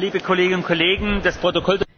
liebe kolleginnen und kollegen das protokoll der